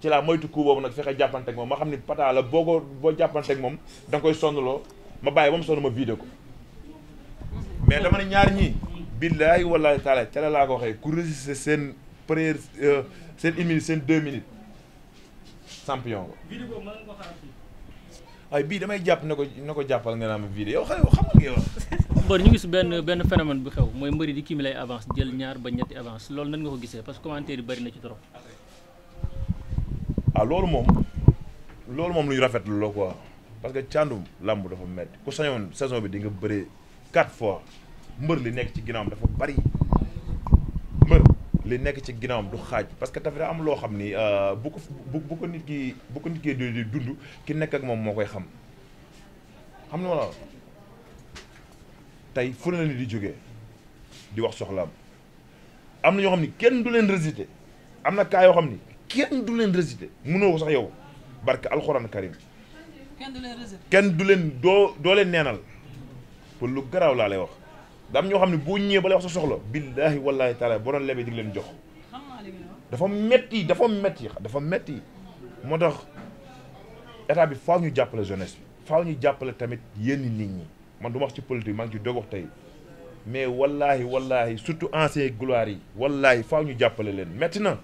ci laa moytu coup boobu nag fexe jàppanteeg moom ma xam ni pata la boo ko boo jàppanteeg moom da koy sonnloo ma bàyyi ba mu ma vidé ko billahi wallahi taala ca la laa ko waxee ku résister seen première euh, seen une minute seen deux minutes champion nga waaye bii damay jàpp na ko na ko jàppal nga naan vidéo yow xale xam nga wax mbër ñu gis benn benn phénomène bu xew mooy mbëri di cumuler avance jël ñaar ba ñetti avance loolu nan nga ko gisee parce que commentaire yi bëri na ci trop waaw ah, loolu moom loolu moom luy rafetlu la quoi parce que càndum làmb dafa metti ku sañoon saison bi dinga nga bëree quatre fois mbër li nekk ci ginnaawam dafa bari mbër li nekk ci ginnaawam du xaaj parce que tamit daa am loo xam ni euh, bu ko bu ko nit ki bu ko nit ki di dund ki nekk ak moom moo koy xam xam nga wala tey fu ne la di jógee di wax soxlaam am na ñoo xam ni kenn du leen résister am na kaa yoo xam ni kenn du leen résister mënoo ko sax yow barke alxuraan karim kenn du leen doo doo leen neenal pour lu garaaw laa lay wax. dama ñoo xam ne boo ñëwee ba wax sa soxla billaahi wallaahi taala boo doon lebee di leen jox dafa metti dafa metti dafa metti moo tax état bi faaw ñu jàppale jeunesse bi faaw ñu jàppale tamit yenn nit ñi man du ma wax ci politique maa ngi ci doog wax tey mais wallaahi wallaahi surtout ancien gloire yi wallaahi faaw ñu jàppale leen metti na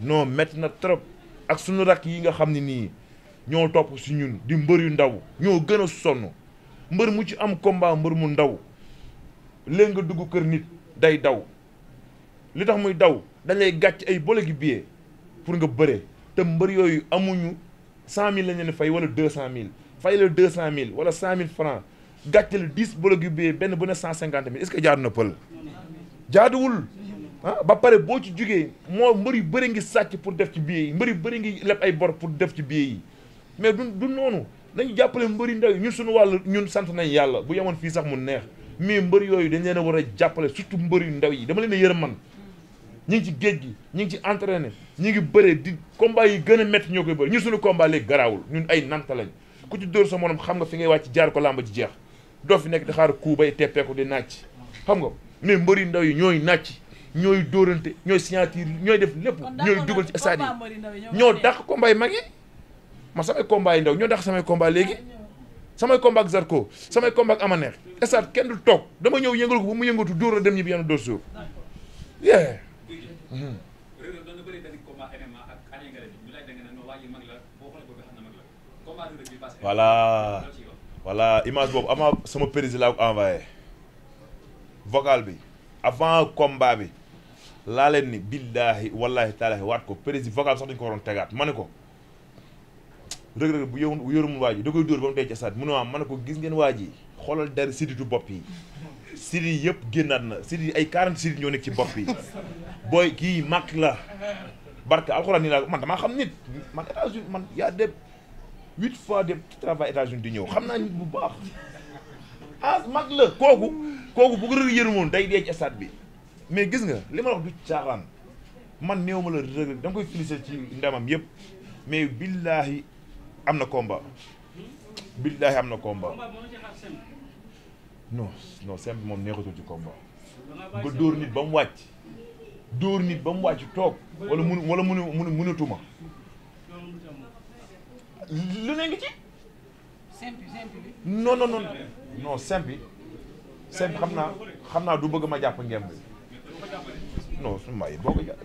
noo metti na trop ak suñu rakk yi nga xam ne nii ñoo topp si ñun di mbër yu ndaw ñoo gën a sonn mbër mu ci am combat mbër mu ndaw léegi nga dugg kër nit day daw li tax muy daw dañ lay gàcc ay bole gi billet pour nga bëree te mbër yooyu amuñu cent mille lañ leen fay wala deux cent mille fay la deux cent mille wala cent mille franc gàcce la dix bole gi billet benn bu cent cinquante mille est-ce que jaadu na pël jaaduwul ah, ba pare boo ci jugee moo mbër yu bëri ngi sàcc pour def ci billet yi mbër yu bëri ngi leb ay bor pour def ci billet yi mais du du noonu nañu jàppale mbër yu ndaw yi ñun suñu wàll ñun sant nañ yàlla bu yemoon fii sax mu neex mais mbër yooyu dañ leen a war a jàppale surtout mbër yu ndaw yi dama leen a man ñi ngi ci géej gi ñi ngi ci entraîné ñi ngi bëree di combat yi gën a métti ñoo koy bëri ñu suñu combat garaawul ñun ay nanta lañ ku ci dóor sa morom xam nga fi ngay wàcc jaar ko làmb ji jeex doo fi nekk di xaar kuu teppeeku di nàcc xam nga mais mbër yu ndaw yi ñooy nàcc ñooy dóorante ñooy signature ñooy def lépp ñooy dugal ci stade yi ñoo dàq combat yi mag yi ma samay combat yi ndaw ñoo dàq samay combat léegi sama combat ak ko sama combat ak Amaneex estat kenn du toog dama ñëw yëngal ko ba mu yëngatu dóor dem ñibbi yenn dóor suuf walla image boobu ama sama président laa ko envoyé vocal bi avant combat bi laa leen ni billaahi wallaahi taalaahi waat ko président vocal sax dañu ko waroon tegaat ma ne ko rëg-rëg bu yow yërumul waa ji da koy dóor ba mu dee saat mu ne ma ne ko gis ji xoolal der siditu bopp yi sidi yëpp génnaat na sidi ay 40 sidi ñoo nekk ci bopp yi booy kii mag la barke alxuraan nii laa man damaa xam nit man man yaa dem fois dem travail di ñëw xam naa bu baax ah mag kooku kooku bu ko rëg yërmoon day dee bi mais gis nga li ma wax du caaxaan man néew ma la rëg danga koy féliciter ci ndamam yëpp mais billaahi am na combat billaahi am na komba non non simple moom neexatul ci combat nga dóor nit ba mu wàcc dóor nit ba mu wàcc toog wala mun wala munu munu munatuma lu ne ngi ci simple simple bi non non non xam naa xam naa du bëgg ma jàpp ngemb bi non su may boo ko jàpp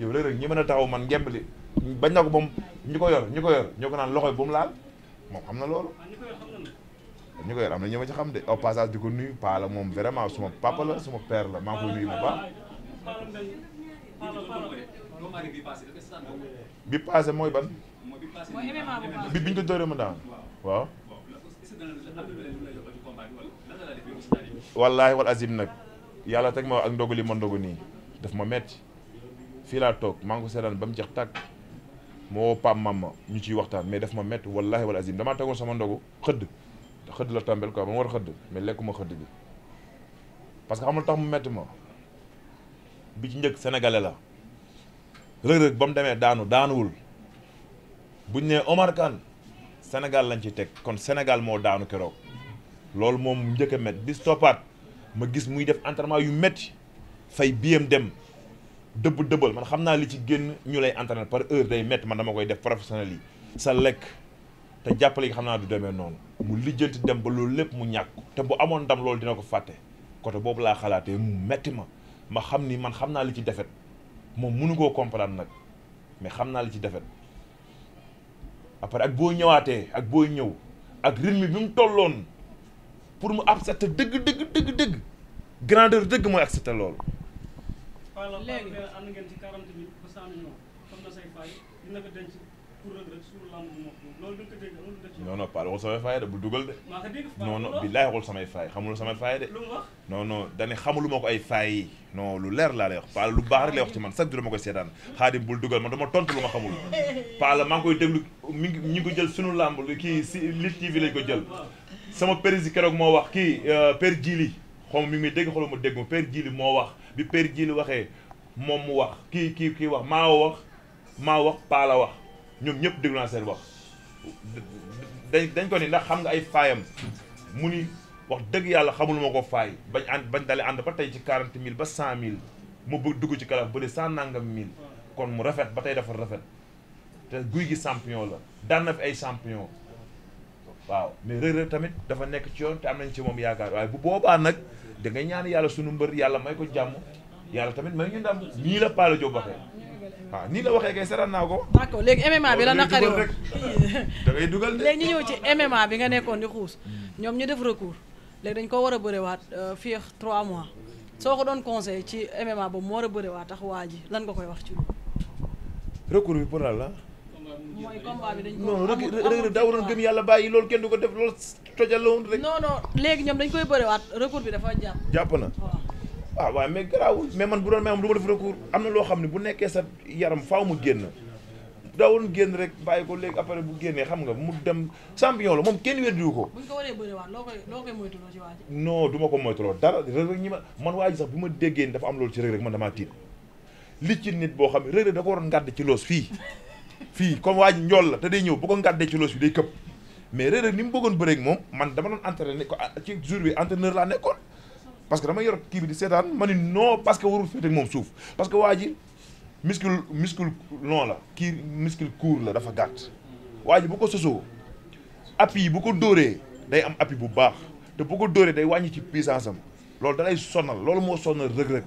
yow léeg-léeg ñi mën a taxaw man ngemb li bañ na ko ba mu ñu ko yor ñu ko yor ko naan loxo bu mu laal moom xam na loolu. ñu ko yor am na ñoo ma ci xam de au passage di ko nuyu paa moom vraiment suma papa la suma père la maa ngi koy nuyu bu baax. bi mooy ban. bi biñ ko dóoree ma daan waaw. wallaahi wal azim nag yàlla teg ma ak ndogu li ma ndogu nii daf ma metti fii laa toog maa ko seetaan ba mu jeex tàkk. moo pam ma ñu ciy waxtaan mais def ma métti wallahi wala azim damaa tegoon sama ndogu xëdd te xëdd la tàmbel ko am war a xëdd mais lekkuma xëdd bi parce que xamul tax mu métti ma bi ci njëkk sénégalais la rëg-rëg ba mu demee daanu daanuwul buñ ne Omar Kane Sénégal lañ ci teg kon Sénégal moo daanu keroog loolu moom njëkk a métti stoppaat ma gis muy def entraînement yu metti fay biyam dem dëbb dëbbal man xam naa li ci génn ñu lay entraîner par heure day métti man dama koy def professionnel yi sa lekk te jàppale yi xam naa du demee noonu mu lijjanti dem ba loolu lépp mu ñàkku te bu amoon ndam loolu dina ko fàtte côté boobu laa xalaatee mu metti ma ma xam ni man xam naa li ci defet moom mënu koo comprendre nag mais xam naa li ci defet après ak boo ñëwaatee ak boo ñëw ak rythme bi mu tolloon pour mu accepter dëgg dëgg dëgg grandeur dëgg mooy accepter loolu léegi ànd waxul samay faay de bu dugal de non non waxul samay faay xamul samay faay de lu mu wax xamulu ma ko ay faay yi non lu leer laa lay wax Paala lu baax rek lay wax ci man chaque jour ma koy seetaan xaadim bul dugal man dama tontu lu ma xamul Paala maa ngi koy déglu mi ngi ñi ko jël suñu lamb kii si TV lañ ko jël sama président keroog moo wax kii euh, Père Djili xaw mu ngi may dégg xoolal ma dégg ma Père Djili moo wax bi Père Djily waxee moom mu wax kii kii kii wax maawo wax maa wax paala la wax ñoom ñëpp déglu naa seen wax dañ dañ ko ni ndax xam nga ay faayam mu ni wax dëgg yàlla xamul ma ko faay bañ ànd bañ dalee ànd ba tey ci quarante mille ba cent mille mu bëgg dugg ci kalaf ba de cent nangam mille kon mu rafet ba tey dafa rafet te guy gi champion la daan na fi ay champion waaw mais Reug Reug tamit dafa nekk ci yoon te am nañ ci moom yaakaar waaye bu boobaa nag da nga ñaan yàlla sunu mbër yàlla may ko jàmm yàlla tamit may ñu ndam nii la Pala Diop waxee waaw nii la waxee kay seetaan naa ko. d'accord léegi MMA bi la naqari woon da ngay dugal de. léegi ñu ñëw ci MMA bi nga nekkoon di xuus hmm. ñoom ñu def recours léegi dañ koo war a bëre euh, fii ak 3 mois soo ko doon conseil ci MMA boobu moo war a bëriwaat tax waa ji lan nga koy wax ci. recours bi pour la mooy combat bi dañ ko non rek rek daa waroon kenn du ko def loolu tojal la woon rek. non non léegi ñoom dañ koy bëriwaat recours bi dafa jàpp. jàpp na waaw ah, waaw mais garaawul mais bu doon maanaam du ma def recours am na loo xam ne bu nekkee sa yaram faaw mu génn daa waroon génn rek bàyyi ko léegi après bu génnee xam nga mu dem champion la moom kenn weddiwu ko. ko waree bëriwaat loo koy loo koy moytuloo ji. non du ma ko moytuloo dara ñi ma man waa ji bu ma déggee dafa am loolu ci rek rek man damaa tiit li ci nit boo xam ne rek rek da ko waroon ngàdd ci loos fii fii comme waa ji njool la te day ñëw bu ko ngàddee ci loos bi day këpp mais Reug ni mu bëggoon bëree moom man dama doon entraîné ko ah, ci jour bi entraîneur laa nekkoon parce que dama yor kii bi di seetaan ma ni non parce que warul féete ak moom que waa ji muscle muscle la kii muscle court la dafa gàtt waa ji ko sosoo appui yi bu ko dóoree day am appui bu baax te bu ko dóoree day wàññi ci puissance am loolu da lay loolu moo sonal Reug Reug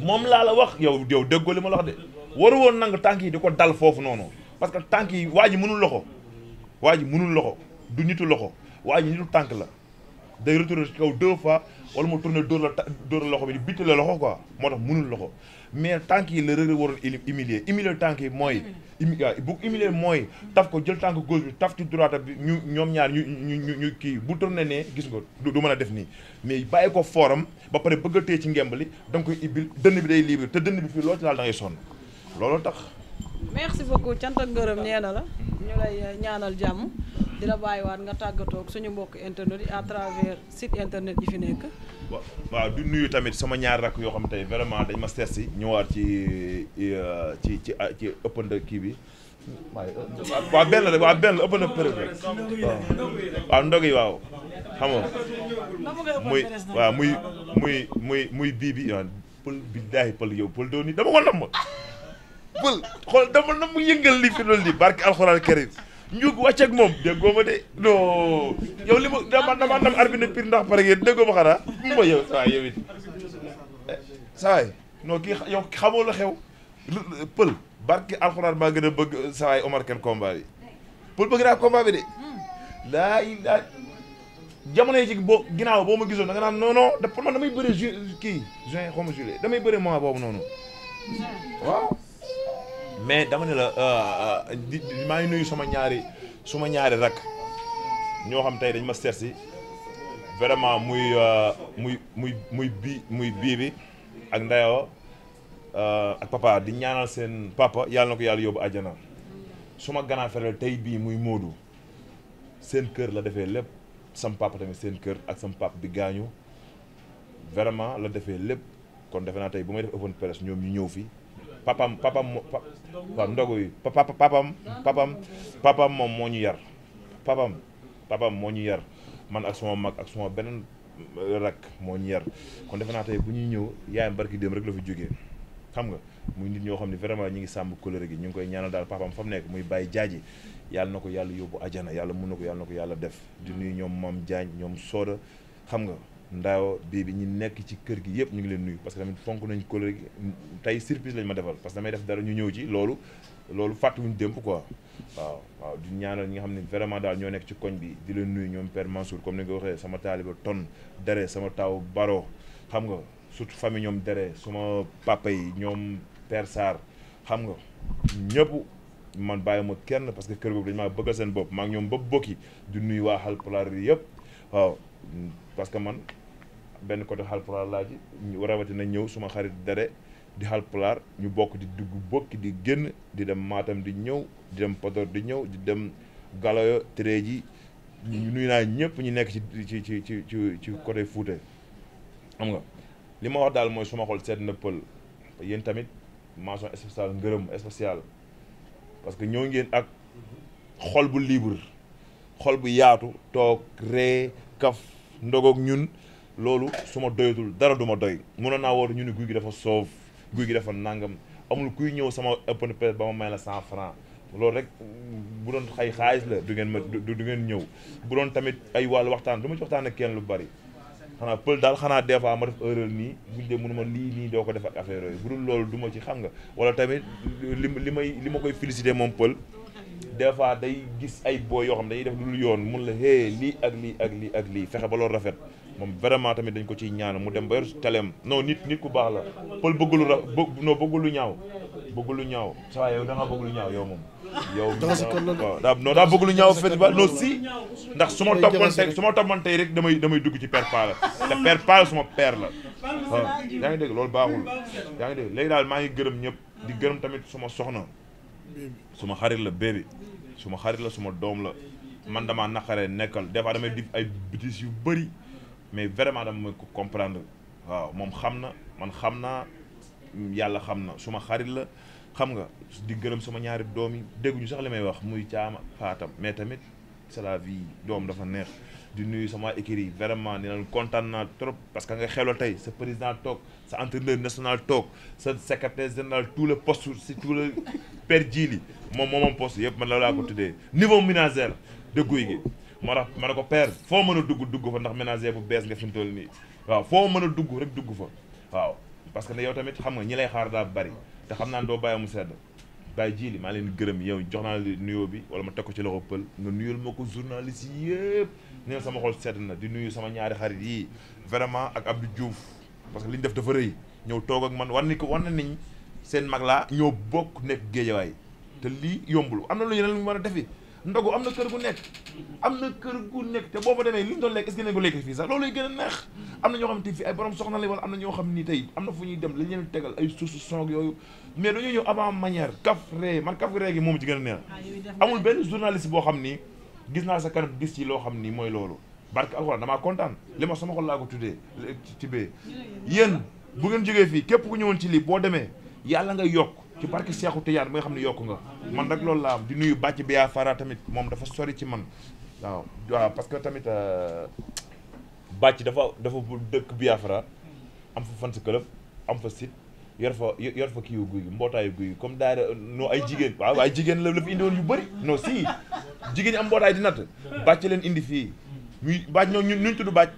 moom laa la wax yow yow déggoo li ma la wax de war woon nangu tànk yi di ko dal foofu noonu parce que tànk yi waa ji mënul loxo waa ji mënul loxo du nitu loxo waa ji nitu tànk la day retour ci kaw deux fois wala mu tourner dóor la dóor loxo bi di bitti la loxo quoi moo tax mënul loxo mais tànk yi la Reug Reug waroon humilier humilier tànk yi mooy mm-hmm. bu humilier mooy taf ko jël tànk gauche bi taf ci droite bi ñu ñoom ñaar ñu ñu ñu kii bu tourné ne gis nga du mën a def nii mais bàyyi ko fooram ba pare bëgg a ci ngembali da nga koy dënn bi day libre te dënn bi fii loo ci laal looloo tax. merci beaucoup cant ak ngërëm na la. ñu lay eh, ñaanal jàmm. di la bàyyiwaat nga tàggatoo suñu mbokk internet yi à travers site internet yi fi nekk. waaw du nuyu tamit sama ñaar rakk yoo xam tey vraiment dañ ma seet si ñëwaat ci ci euh, ci ci ëppandal kii bi. Euh, waaw benn la waaw benn la ëpp na période waaw ndog nga muy waaw muy muy muy muy bii bi pël billaahi pël yow pël doon nii dama ko ndam pël xool dama na mu li fi loolu di barki alxuraan karim njug wàcc ak moom déggoo ma de non yow li ma dama dama nam arbi na pire ndax pare ngeen déggoo ma xanaa ma yow saa yow it eh, saa waay non pël barki alxuraan maa gën a Omar Kane combat pël bëgg naa de laa laa jamono yi boo ginnaaw boo ma gisoon da nga naan non non da pour man damay bëre ju kii juin xaw ma juillet damay bëre mois boobu noonu mais dama ne la euh, euh, di maa ngi nuyu sama ñaari suma ñaari rak ñoo xam tey dañ ma seet si vraiment muy euh, muy muy muy bi muy bii bi ak ndeyoo ak papa di ñaanal seen papa yàlla na ko yàlla yóbbu àjjana suma grand frère tey bii muy Modou seen kër la defee lépp sam tamit seen kër ak sam papa bi gaañu vraiment la defee lépp kon defe naa tey bu may def open press ñoom ñu ñëw fi papam papam waaw ndogu yi papam papam moom moo ñu yar papam papam moo ñu yar man ak suma mag ak suma beneen rak moo ñu yar kon defe naa tey bu ñuy ñëw yaayam barki dem rek la fi jógee xam nga muy nit ñoo xam ne vraiment ñu ngi sàmm colère gi ñu ngi koy ñaanal daal papam fa mu nekk muy bàyyi jaaji yàlla na ko yàlla yóbbu ajana yàlla mun na ko yàlla ko yàlla def di nuyu ñoom maam Diagne ñoom Soda xam nga ndaaw bii bi ñu nekk ci kër gi yëpp ñu ngi leen nuyu parce que tamit fonk nañ kóllëre gi tey surprise lañ ma defal parce que damay def dara ñu ñëw ci loolu loolu fàttewuñ démb ko waaw waaw di ñaanal ñi nga xam ne vraiment daal ñoo nekk ci koñ bi di leen nuyu ñoom Père Mansour comme ni nga ko waxee sama taaliba ton dere sama taw baro xam nga surtout famille ñoom dere suma papa yi ñoom per Sarr xam nga ñëpp man bàyyi ma kenn parce que kër googu dañ maa bëggal seen bopp maa ngi ñoom ba bokki di nuy waa Haalpulaar yëpp waaw parce que benn côté xalpulaar laa ci rawatina ñëw suma xarit dare di xalpulaar ñu bokk di dugg bokki di génn di dem Matam di ñëw di dem Podor di ñëw di dem Galoyo Tere ji nuy naa ñëpp ñu nekk ci ci ci ci ci ci côté Fuuta xam nga li ma wax daal mooy suma xol sedd na pël yéen tamit mention spéciale ngërëm spéciale parce que ñëw ngeen ak xol bu libre xol bu yaatu toog ree kaf ndogoog ñun loolu su ma doyatul dara duma ma doy mënoon naa woor ñu ne guy gi dafa soof guy gi dafa nangam amul kuy ñëw sama open press ba ma may la cent franc loolu rek bu doon xay xaalis la du ngeen ma du ngeen ñëw bu doon tamit ay wàllu waxtaan du ma ci waxtaan kenn lu bari xanaa pël daal xanaa des fois ma def erreur nii buñ dee mënu ma lii nii doo ko def ak affaire yooyu bu dul loolu duma ci xam nga wala tamit li li may li ma koy félicité moom pël des fois day gis ay boo yoo xam dañuy def lu yoon mun la hee ak lii ak lii ak lii fexe ba loolu rafet moom vraiment tamit dañ ko ciy ñaanal mu dem ba yor teleem non nit nit ku baax la pël bëggulu ra non bëggulu ñaaw bëggulu ñaaw saa yow da ngaa bëggulu ñaaw yow moom yow waaw daa non daa bëggulu ñaaw festival non si ndax su ma toppoon tey su ma tey rek damay damay dugg ci père Pala te père Pala suma père la yaa ngi dégg loolu baaxul yaa ngi dégg léegi daal maa ngi gërëm ñëpp di gërëm tamit suma soxna suma xarit la bébi suma xarit la suma doom la man dama naqaree nekkal des fois damay dif mais vraiment dama ko comprendre waaw moom xam na man xam naa yàlla xam na suma xarit la xam nga di gërëm sama ñaari doom yi dégguñu sax li may wax muy caama faatam mais tamit c'est la vie doom dafa neex di nuyu sama équipe yi vraiment ni leen kontaan naa trop parce que nga xeloo tey sa président toog sa entraîneur national toog sa secrétaire général tout le poste si tout le père Djili moom moom moomam poste yëpp man la laa ko tuddee niveau ménagère de guy gi moo tax ne ko père foo mën a dugg dugg fa ndax ménager bu bees nga fi mu toll nii waaw foo mën a dugg rek dugg fa waaw parce que ne yow tamit xam nga ñi lay xaar daa bari te xam naa ne doo bàyyi mu sedd bàyyi jii li maa leen gërëm yow jox naa la nuyoo bi wala ma teg ko ci loxo pël nga nuyul ma ko journaliste ñu neen sama xol sedd na di nuyu sama ñaari xarit yi vraiment ak Abdou juuf parce que li ñu def dafa rëy ñëw toog ak man war ni ko war na niñ seen mag laa ñoo bokk nekk géejawaay te lii yombul am na lu yeneen lu ñu war a defi ndogu am na kër gu nekk am na kër gu nekk te booba demee li ñu doon lekk est-ce que ko lekk fii sax loolu lay gën a neex am na ñoo xam ne fii ay borom am na ñoo xam ni tey am na fu ñuy dem lañ leen tegal ay suusu song yooyu mais dañoo ñëw avant manière kaf ree man kaf ree gi moom ci gën a neex ah, amul benn journaliste boo xam ni gis naa sa kanam gis ci loo xam nii mooy loolu barke alxuraan damaa kontaan li ma sama xol laa ko tuddee tibbee yéen bu ngeen jógee fii képp ku ñëwoon ci lii boo demee yàlla ngay yokk ci barke Seexu Tijaan mooy xam ne yokku nga man nag loolu laa am di nuyu bàcc bi tamit moom dafa sori ci man waaw waaw parce que tamit euh, bàcc dafa dafa dëkk Biafra am fa fans club am fa site yor fa yor fa kiiwu guy mbootaayu guy comme daara no ay jigéen waaw ay jigéen la la fi indiwoon yu bari non si jigéen ñi am mbootaay di natt bàcc leen indi fii muy bàcc ñoo ñun ñu tudd bàcc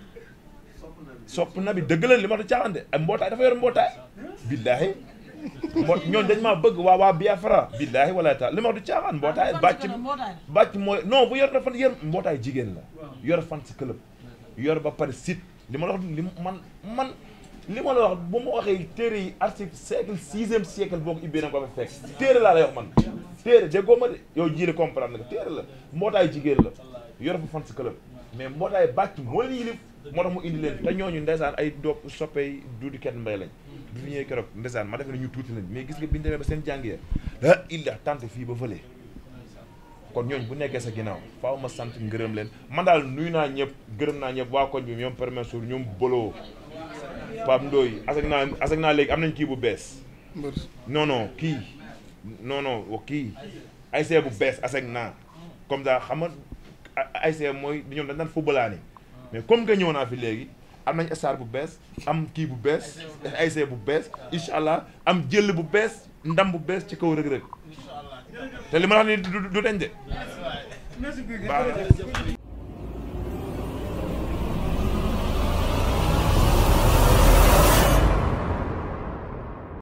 sopp na bi dëgg la li ma ta caaxante ay mbootaay dafa yor mbootaay moo ñooñu dañ maa bëgg waa waa Biafra billaahi wala taala li ma wax du caaxaan mbootaay bàcc bàcc mooy non bu yor dafa yor mbootaay jigéen la yor fan si club yor ba pare site li ma la wax li man man li ma la wax bu ma waxee téere yi article siècle sixième siècle boo ko ibbee na ko fa fekk téere laa lay wax man téere déggoo ma de yow jiile comprendre nga téere la mbootaay jigéen la yor fa fan si club mais mbootaay bàcc moo leen yilif moo tax mu indi leen te ñooñu ndeysaan ay doog soppey duudi kenn mbay bi mu ñëwee keroog ndesaan ma defe ne tuuti nañ mais gis nga bi ñu demee ba seen jàng ya ah illa tante fii ba fële kon ñooñ bu nekkee sa ginnaaw faaw ma sant ngërëm leen man daal nuyu naa ñëpp gërëm naa ñëpp waa koñ bi ñoom permesur ñoom boloo Pape Ndoye aseg naa aseg naa léegi am nañ kii bu bees non non kii non kii ay see bu bees aseg naa comme ça xam nga ay see mooy ñoom dañ daan footballaani mais comme que ñëw naa fi léegi am nañ star bu bees am kii bu bees ASC bu bees incha allah am jël bu bees ndam bu bees ci kaw rëg-rëg te li ma wax ni du deñ de